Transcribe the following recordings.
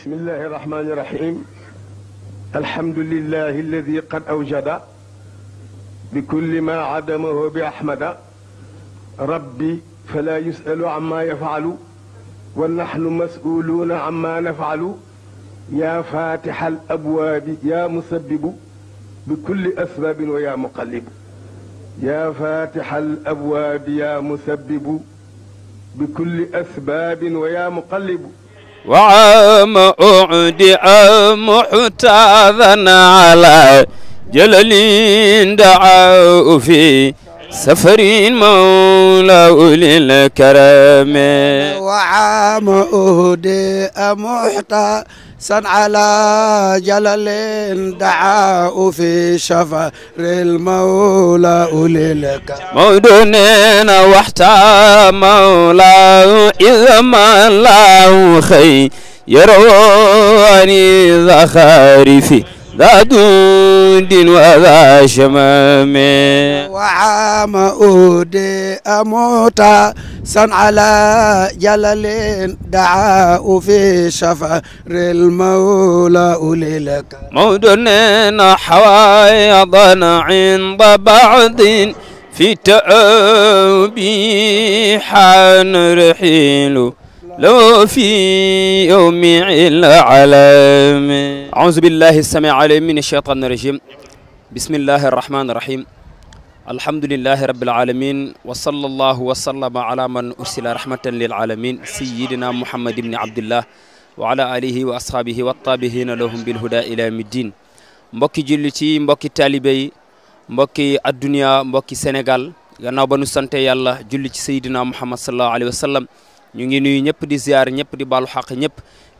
بسم الله الرحمن الرحيم الحمد لله الذي قد أوجد بكل ما عدمه بأحمد ربي فلا يسأل عما يفعل ونحن مسؤولون عما نفعل يا فاتح الأبواب يا مسبب بكل أسباب ويا مقلب يا فاتح الأبواب يا مسبب بكل أسباب ويا مقلب وعام أعدع محتاذا على جلل دعاه في سفر مولى أولي الكرم وعام أهدئ محتاذا san ala jalalin daa fi shafaril mawla ulilka mawdu neena waxta mawla izma la xëy yërwani zaxarifi ذا دود وذا شمام وعام أودي أموتا سن على جلال دعاء في شفر المولى أولي لك مودن حوايض عند بعض في تأبي حان رحيل لو في يوم العالم أعوذ بالله السميع العليم من الشيطان الرجيم بسم الله الرحمن الرحيم الحمد لله رب العالمين وصلى الله وسلم على من أرسل رحمة للعالمين سيدنا محمد بن عبد الله وعلى آله وأصحابه والطابهين لهم بالهدى إلى مدين مبكي جلتي مبكي تاليبي مبكي الدنيا مبكي سنغال غناو بنو سنتي الله جلتي سيدنا محمد صلى الله عليه وسلم نيغي نيو نيب دي زيار نيب دي بالو حق نيب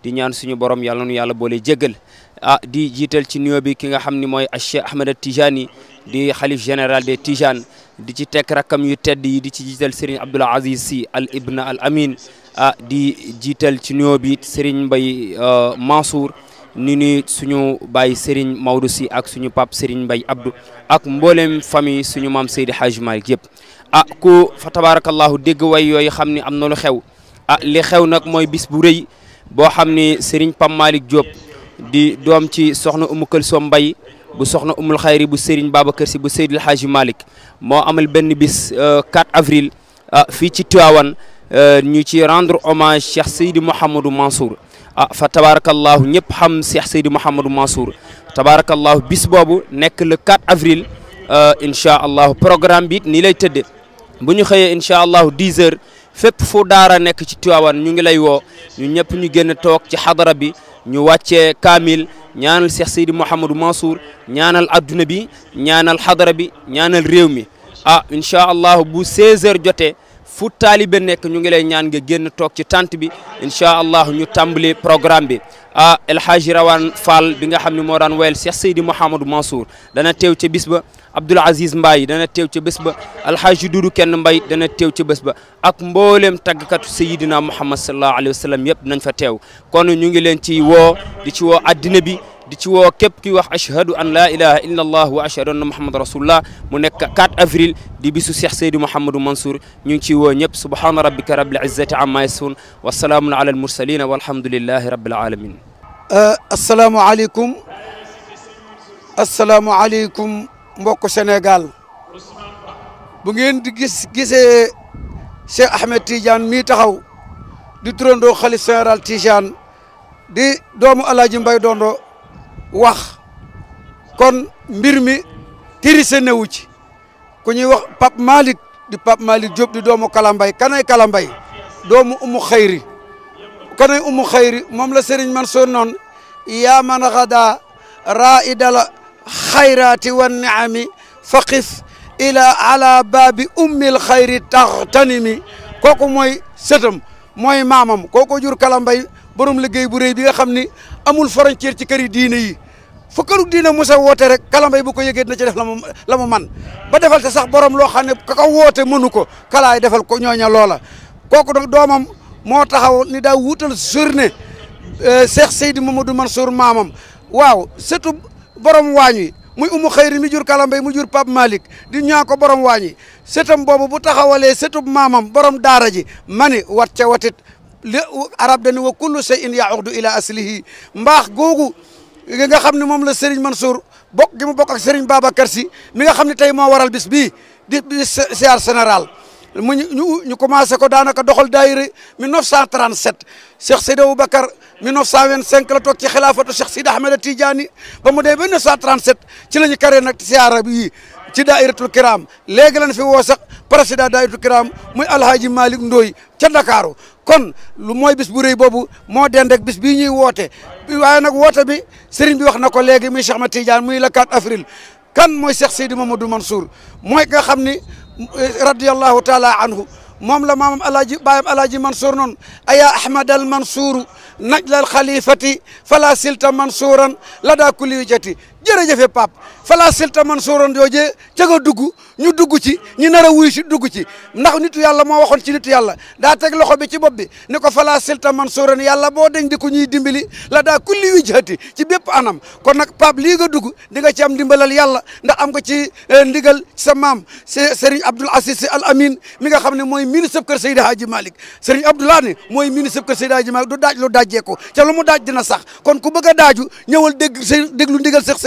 دي نيان سونو بروم يالنا نو يالا بولي جيغل Ah, di jiital ci nuyoo bi ki nga xam ni mooy Cheikh Ahmed Tijani di xalif général des Tijanes di ci tekk rakkam yu tedd di ci jiital Serigne Abdoul Aziz Sy al ibn al amin ah di jiital ci nuyoo bi mbay Mbaye euh, Mansour ni ni suñu bay Serigne Maodo si ak suñu pap Serigne Mbaye Abdou ak mboolem famille suñu mam Seydi Hadj Malick yëpp ah ku fa tabarakallahu dégg way yooyu xam ni am na lu xew ah li xew nag mooy bis bu rëy boo xam ni Serigne Pam Malick Diop di dom ci soxna Umu Këlsoom bay bu soxna Umul Xayri bu Serigne Babacar Sy bu Seydil haji malik mo amal ben bis 4 avril fi ci Tivaouane ñu ci rendre hommage Cheikh Seydi Mouhamadou Mansour ah fa tabarakallahu ñep xam Cheikh Seydi Mouhamadou Mansour tabarakallahu bis bobu nek le 4 avril insha allah programme bi ni lay teud bu ñu xeye insha allah 10 h fépp fu daara nek ci Tivaouane ñu ngi lay wo ñu ñep ñu génn tok ci hadra bi ñu wacce kamil ñaanal Cheikh Seydi mohammed Mansour ñaanal aduna bi ñaanal hadra bi ñaanal rew mi ah insha allah bu 16h joté fu talibé nek ñu ngi lay ñaan nga génn tok ci tante bi insha allah ñu tambalé programme bi ah El Hadji rawan Fall bi nga xamni mo daan woyal Cheikh Seydi mohammed Mansour dana tew ci bisba Abdoul Aziz Mbaye dana teew ca bés ba alxaaji Dudu kenn Mbaye dana teew ca bés ba ak mbooleem tàggkatu sayidina Muhammad sallallahu alayhi wa sallam yëpp nañ fa teew kon ñu ngi leen ci woo di ci woo addina bi di ci woo képp ki wax ashhadu an laa ilaha illa allah wa ashhadu anna muhammad rasulullah mu nekk 4 avril di bisu Cheikh Seydi Mouhamadou Mansour ñu ngi ciy woo ñëpp subhaana rabbika rabbil izzati amma yasifun wa salaamun ala al mursalina walhamdulillahi rabbil alamin assalaamu aleykum assalaamu aleykum mbokk Sénégal bu ngeen di gis gisee Cheikh Ahmed Tidiane mii taxaw di turandoo xalif général Tidiane di doomu Alaaji Mbay Dondo wax kon mbir mi tirise newu ci ku ñuy wax Pape Malick di Pape Malick Diop di doomu Kalambay kanay Kalambay doomu umu xayri kanay umu xayri moom la Serigne Mansour noon yaa man xadaa raa idala khairati wan ni'ami faqif ila ala babi ummil khairi taghtanimi koku moy setam moy mamam koko jur kala mbay borom liggey bu amul frontière ci kër diine yi musawatere këru diine musa wote rek kala mbay bu ko yegge na ci def la mu man ba defal ta sax borom lo xamne ka ko lola koku nak domam mo taxaw ni da wutal journée euh, cheikh seydou mamadou mansour mamam waaw setu borom waañ wi muy umu xayri mi jur kalambay mu jur Pape Malick di ñaa ko borom waañ wi sëtam boobu bu taxawalee sëtub maamam borom daara ji mani wat ca watit li arab dani wa kullu shay'in ya'udu ila aslihi mbaax googu nga xam ni moom la Serigne Mansour bokk gi mu bokk ak Serigne Babacar Sy mi nga xam ne tey moo waral bis bii di di siyaar général mu ñu ñu commencé ko daanaka doxal daayira 1937 Cheikh Seydi Aboubacar 1925 la toog ci xilaafatu Cheikh Sidi Ahmed Tidiane ba mu dee ba 1937 ci la ñu carré nag siyaara yi ci daayiratul kiram léegi lañ fi woo sax président daayiratul kiram muy Alhaji Malick Ndoye ca Ndakaaru kon lu mooy bis bu rëy boobu moo dend bis bii ñuy woote waaye nag woote bi sëriñ bi wax na ko léegi muy Cheikh Ahmed muy le 4 avril kan mooy Cheikh Seydi Mamadou Mansour mooy nga xam رضي الله تعالى عنه موم لا مام الاجي بايام الاجي منصور نون ايا احمد المنصور نجل الخليفه فلا سلت منصورا لدى كل وجهتي jefe ya pap fala silta mansuron sóoroon ci ga duggu ñu duggu ci ñi nara wuy ci duggu ci ndax nitu yalla mo waxon ci nitu yalla da tek loxo bi ci bop bi ni ko fala silta mansuron yalla bo deñ di ko ñi dimbali la da kulli wijhati ci bepp anam kon nak pap li ga duggu di nga ci am dimbalal yalla ndax am ko ci eh, ndigal sa mam Serigne abdul assis Al Amin, mi nga xamne moy ministre keur Seydi Hadji malik Serigne abdullah ni moy ministre keur Seydi Hadji malik du daj lu dajje ko ci lu mu daj dina sax kon ku bëgg daju ñewal deg dégg ndigal sax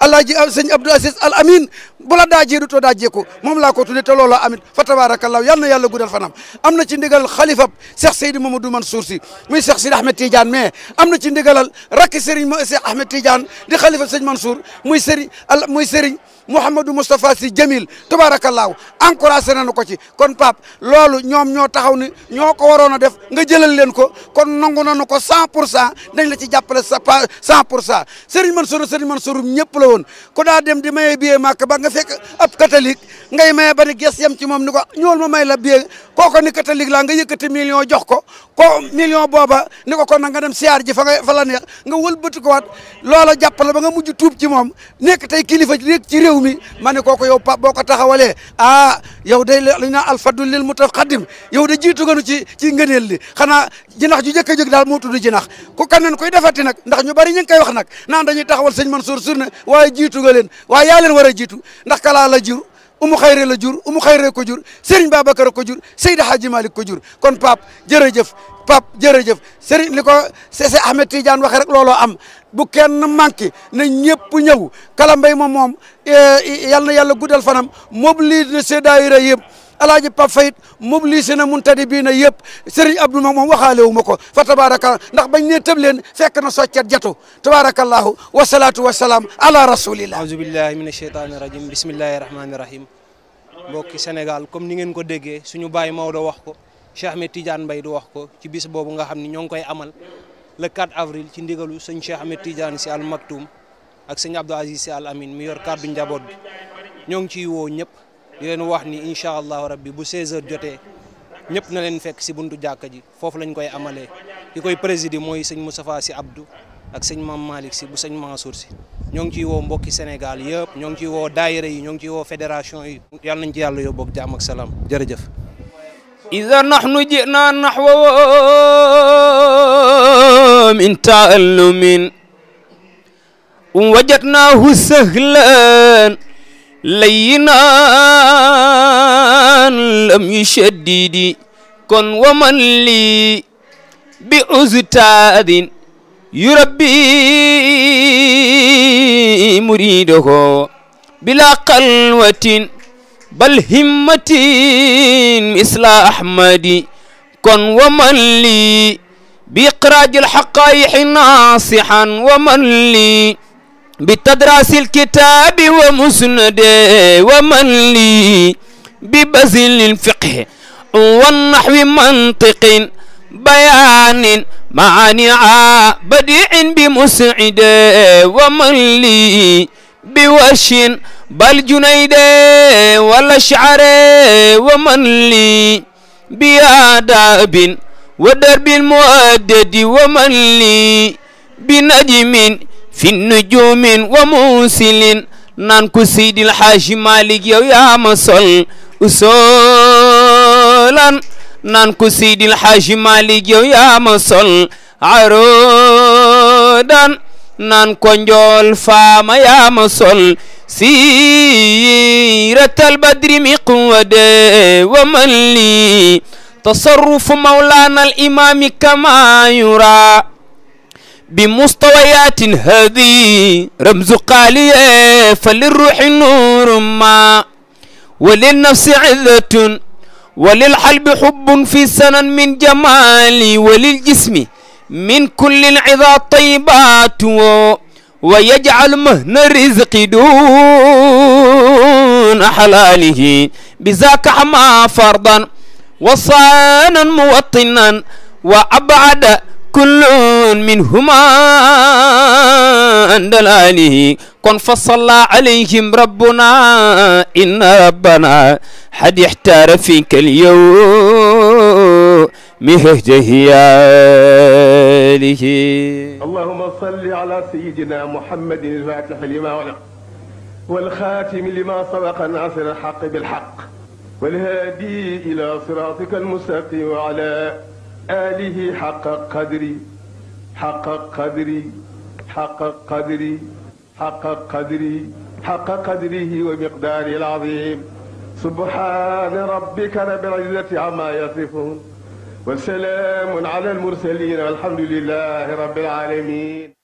alaaji alaaji ah, sëñ Abdou Aziz Al Amin bu la daajee du too daajee ko moom laa ko tudde te loola amit fa tabaarakallaahu yal na yàlla guddal fanam am na ci ndigal xalifab Cheikh Seydi Mamadou Mansour si muy Cheikh Sidi Ahmed Tidiane mais am na ci ndigalal rakki Serigne Cheikh Ahmed Tidiane di xalifab sëñ Mansour muy Serigne al muy Serigne Mouhamadou Moustapha Sy Jamil tabaarakallaahu encouragé nu ko ci kon Pape loolu ñoom ñoo taxaw ni ñoo ko waroon a def nga jëlal leen ko kon nangu nu ko cent pour cent dañ la ci jàppale sa pa cent pour man Serigne Mansour Serigne Mansour ñëpp la woon ko daa dem di maye billet màkk ba nga fekk ab catholique ngay may ba ni ges yem ci moom ni ko ñool ma may la biee kooko ni catholique la nga yëkëti million jox ko ko million booba ni ko kon nag nga dem siar ji fa nga fa la neex nga wëlbati ko loolu loola jàppale ba nga mujj tuub ci moom nekk tay kilifa nekk ci réew mi ma ne kooko yow pa boo ko taxawalee ah yow day lañ al fadl lil mutaqaddim yow da jitu gënu ci ci ngëneel li xanaa jinax ju jëkk jëk dal daal tuddu jinax ku kaneen koy defati nag ndax ñu bari ñu ngi koy wax nag naan dañuy taxawal sëñ Mansour Surne waaye jitu nga leen waaye yaa leen war a jiitu ndax kala la jiru umu xayre la jur umu xayre ko jur Serigne Babacar ko jur Seyda Hadji Malick ko jur kon Pape jërëjëf Pape jërëjëf Serigne li ko Sese Ahmed Tidiane waxee rek looloo am bu kenn manqué na ñëpp ñëw kala mbay ma moom eh, yal na yàlla guddal fanam mobilise na ses daayira yëpp alaaji Pap Fayit mobilisé na muntadi bii na yëpp Serigne Abdou ma moom waxaale wu ma ko fa tabaarakallah ndax bañ ne tëb leen fekk na soccet jatu tabaarakallahu wasalaatu wasalaam ala rasulillah aouzu billahi min asheytaani rajim bismillahi rahmaani rahim mbokki Sénégal comme ni ngeen ko déggee suñu baay Maodo wax ko Cheikh Ahmed Tidiane Mbaye du wax ko ci bis boobu nga xam ni ñoo ngi koy amal le 4 avril ci ndigalu sëñ Cheikh Ahmed Tidiane si al Maktoum ak sëñ Abdou Aziz si al Amin mi yor kàddu njaboot bi ñoo ngi ciy woo ñëpp di leen wax ni incha allahu rabbi bu 16h jotee na leen fekk si buntu jàkka ji foofu lañ koy amalee di koy présider mooy sëñ Moustapha Sy Abdou ak sëñ Mame Malick Sy bu sëñ Mansour Sy ñoo ngi ciy woo mbokki Sénégal yëpp ñoo ngi woo daayira yi ñoo ngi ciy woo fédération yi yàlla nañ ci yàlla yóbbu ak jàmm ak salaam jërëjëf ida nahnu jinaa nahwa min taallumin wajadnaahu sahlan layinan lam yushaddidi kon waman lii bi ustaadin yurabbi muridahu bila qalwatin bal himmatin misla ahmadi kon waman lii bi iqraaj alxaqaayiqi naasixan waman lii بتدراس الكتاب ومسند ومن لي ببذل الفقه والنحو منطق بيان معانع بديع بمسعد ومن لي بوش بل جنيد ولا شعر ومن لي بآداب ودرب المؤدد ومن لي بنجم fi nujumin wa musilin naan ko Seydil Haaji Malik yow yaa ma sol usolan naan ko Seydil Haaji Malik yow yaa ma sol arodan naan ko njool faama yaa ma sol siiratal badri miqwade wa man li tasarrufu mawlaana al imaami kama yura بمستويات هذه رمز قالية فللروح نور ما وللنفس عزة وللحلب حب في سنن من جمالي وللجسم من كل العظات طيبات ويجعل مهن الرزق دون حلاله بذاك حما فرضا وصانا موطنا وأبعد كل منهما عند الآله كن فصلى عليهم ربنا إن ربنا حد احتار فيك اليوم مهجه آله اللهم صل على سيدنا محمد الفاتح لما ولق والخاتم لما سبق ناصر الحق بالحق والهادي إلى صراطك المستقيم وعلى آله حق قدري حق قدري حق قدري حق قدري حق قدره ومقداره العظيم سبحان ربك رب العزة عما يصفون وسلام على المرسلين والحمد لله رب العالمين